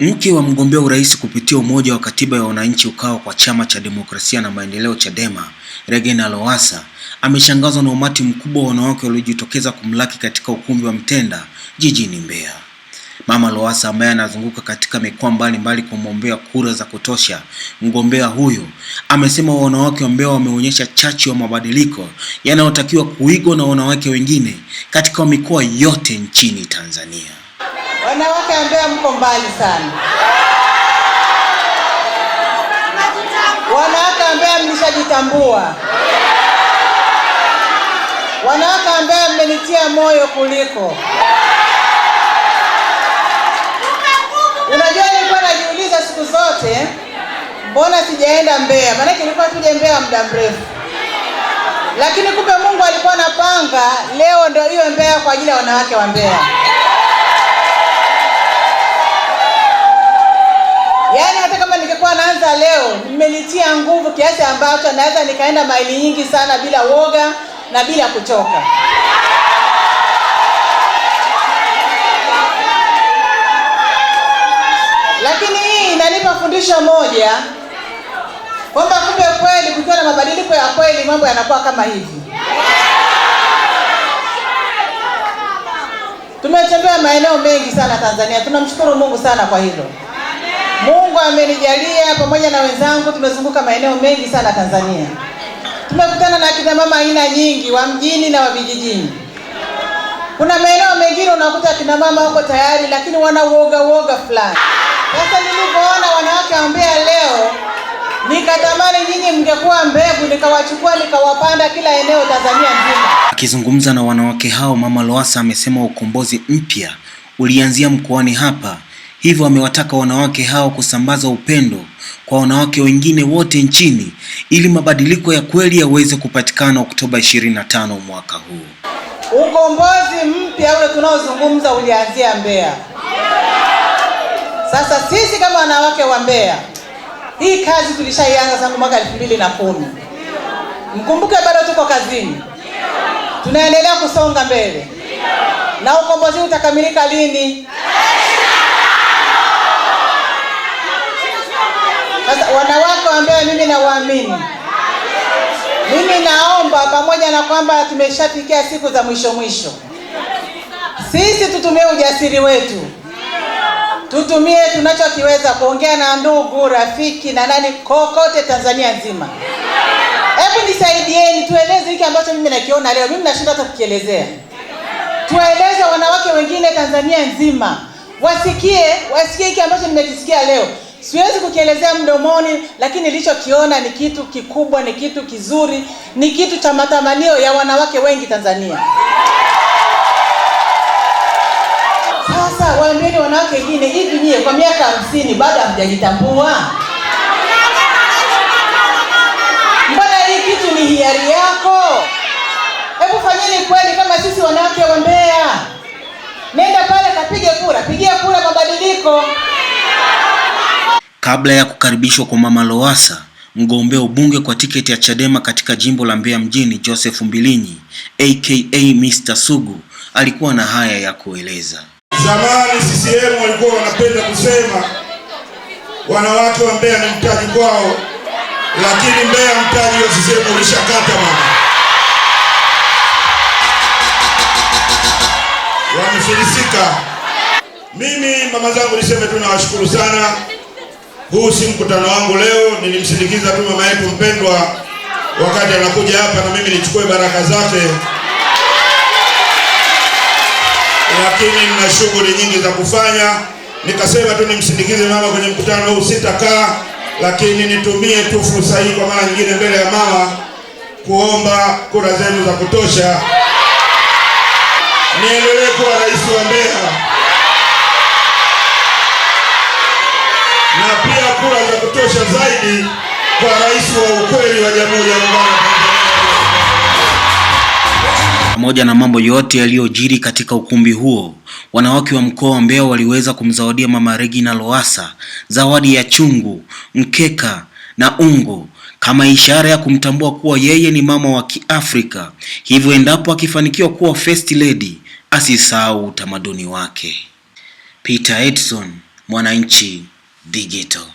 Mke wa mgombea urais kupitia Umoja wa Katiba ya Wananchi UKAWA kwa Chama cha Demokrasia na Maendeleo CHADEMA, Regina Lowassa ameshangazwa na umati mkubwa wa wanawake waliojitokeza kumlaki katika ukumbi wa Mtenda jijini Mbeya. Mama Lowassa ambaye anazunguka katika mikoa mbalimbali kumwombea kura za kutosha mgombea huyo, amesema wanawake wa Mbeya wameonyesha chachu ya mabadiliko yanayotakiwa kuigwa na wanawake wengine katika mikoa yote nchini Tanzania wanawake ambao mko mbali sana, wanawake ambao mlishajitambua, wanawake ambao mmenitia moyo kuliko Unajua, nilikuwa najiuliza siku zote, mbona sijaenda Mbeya? Maanake nilikuwa tuje Mbeya muda mrefu, lakini kumbe Mungu alikuwa anapanga leo ndio hiyo Mbeya kwa ajili ya wanawake wa Mbeya. nimeanza leo mmenitia nguvu kiasi ambacho naweza nikaenda maili nyingi sana bila woga na bila kuchoka. Lakini hii inanipa fundisho moja kwamba kumbe kweli kukiwa na mabadiliko ya kweli mambo yanakuwa kama hivi. Tumetembea maeneo mengi sana Tanzania, tunamshukuru Mungu sana kwa hilo. Mungu amenijalia pamoja na wenzangu, tumezunguka maeneo mengi sana Tanzania. Tumekutana na kina mama aina nyingi, wa mjini na wa vijijini. Kuna maeneo mengine unakuta kina mama wako tayari, lakini wana uoga uoga fulani. Sasa nilipoona wanawake wa Mbeya leo, nikatamani nyinyi mngekuwa mbegu, nikawachukua nikawapanda kila eneo Tanzania nzima. Akizungumza na wanawake hao, Mama loasa amesema ukombozi mpya ulianzia mkoani hapa Hivyo amewataka wanawake hao kusambaza upendo kwa wanawake wengine wote nchini ili mabadiliko ya kweli yaweze kupatikana Oktoba 25 mwaka huu. Ukombozi mpya ule tunaozungumza ulianzia Mbeya. Sasa sisi kama wanawake wa Mbeya, hii kazi tulishaianza tangu mwaka 2010. Mkumbuke bado tuko kazini, tunaendelea kusonga mbele. Na ukombozi utakamilika lini? amini. Mimi naomba pamoja na kwamba tumeshafikia siku za mwisho mwisho, sisi tutumie ujasiri wetu, tutumie tunachokiweza kuongea na ndugu, rafiki na nani kokote Tanzania nzima. Hebu nisaidieni, tueleze hiki ambacho mimi nakiona leo, mimi nashinda hata kukielezea. Tueleze wanawake wengine Tanzania nzima wasikie, wasikie hiki ambacho nimekisikia leo siwezi kukielezea mdomoni, lakini nilichokiona ni kitu kikubwa, ni kitu kizuri, ni kitu cha matamanio ya wanawake wengi Tanzania. Sasa waambieni wanawake wengine, hivi nyie kwa miaka hamsini bado hamjajitambua? Mbona hii kitu ni hiari yako? Hebu fanyeni kweli kama sisi wanawake wa Mbeya, nenda pale kapiga Kabla ya kukaribishwa kwa Mama Lowassa, mgombea ubunge kwa tiketi ya Chadema katika jimbo la Mbeya mjini Joseph Mbilinyi aka Mr. Sugu alikuwa na haya ya kueleza. Zamani CCM walikuwa wanapenda kusema wanawake wa Mbeya ni mtaji kwao, lakini Mbeya mtaji wa CCM ulishakata mama. Wamefilisika. Mimi mama zangu niseme tu nawashukuru sana huu si mkutano wangu leo, nilimsindikiza tu mama yetu mpendwa wakati anakuja hapa, na mimi nichukue baraka zake, lakini nina shughuli nyingi za kufanya, nikasema tu nimsindikize mama kwenye mkutano huu. Sitakaa, lakini nitumie tu fursa hii kwa mara nyingine mbele ya mama kuomba kura zenu za kutosha niendelee kuwa rais wa Mbeya na pia kutosha zaidi kwa rais wa ukweli wa Jamhuri ya Muungano Pamoja na mambo yote yaliyojiri katika ukumbi huo, wanawake wa mkoa wa Mbeya waliweza kumzawadia Mama Regina Lowassa zawadi ya chungu, mkeka na ungo kama ishara ya kumtambua kuwa yeye ni mama wa Kiafrika, hivyo endapo akifanikiwa kuwa first lady asisahau utamaduni wake. Peter Edson, Mwananchi Digital.